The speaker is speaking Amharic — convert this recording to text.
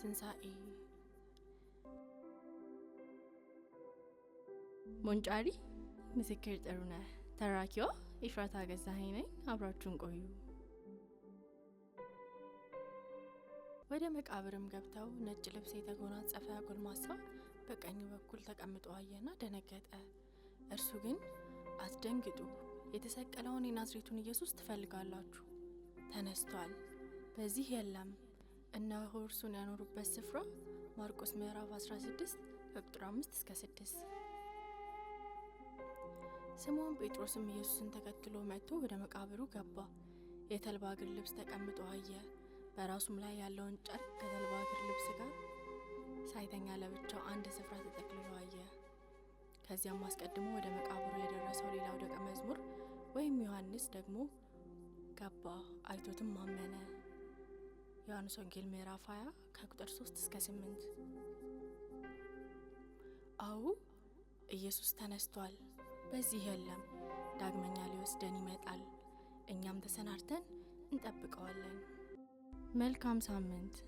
ትንሣኤ ሞንጫሪ ምስክር ጥሩ ነ! ተራኪዋ ኤፍራታ ገዛኸኝ ነኝ። አብራችሁን ቆዩ። ወደ መቃብርም ገብተው ነጭ ልብስ የተጎናጸፈ ጎልማሳ በቀኝ በኩል ተቀምጦ አየና ደነገጠ። እርሱ ግን አስደንግጡ! የተሰቀለውን የናዝሬቱን ኢየሱስ ትፈልጋላችሁ፣ ተነስቷል፣ በዚህ የለም እና እርሱን ያኖሩበት ስፍራ ማርቆስ ምዕራፍ 16 ቁጥር 5 እስከ 6። ስምዖን ጴጥሮስም ኢየሱስን ተከትሎ መጥቶ ወደ መቃብሩ ገባ። የተልባ እግር ልብስ ተቀምጦ አየ። በራሱም ላይ ያለውን ጨርቅ ከተልባ እግር ልብስ ጋር ሳይተኛ ለብቻው አንድ ስፍራ ተጠቅልሎ አየ። ከዚያም አስቀድሞ ወደ መቃብሩ የደረሰው ሌላው ደቀ መዝሙር ወይም ዮሐንስ ደግሞ ገባ፣ አይቶትም አመነ። ዮሐንስ ወንጌል ምዕራፍ 20 ከቁጥር 3 እስከ 8። አው ኢየሱስ ተነስቷል፣ በዚህ የለም፣ ዳግመኛ ሊወስደን ይመጣል፣ እኛም ተሰናድተን እንጠብቀዋለን። መልካም ሳምንት።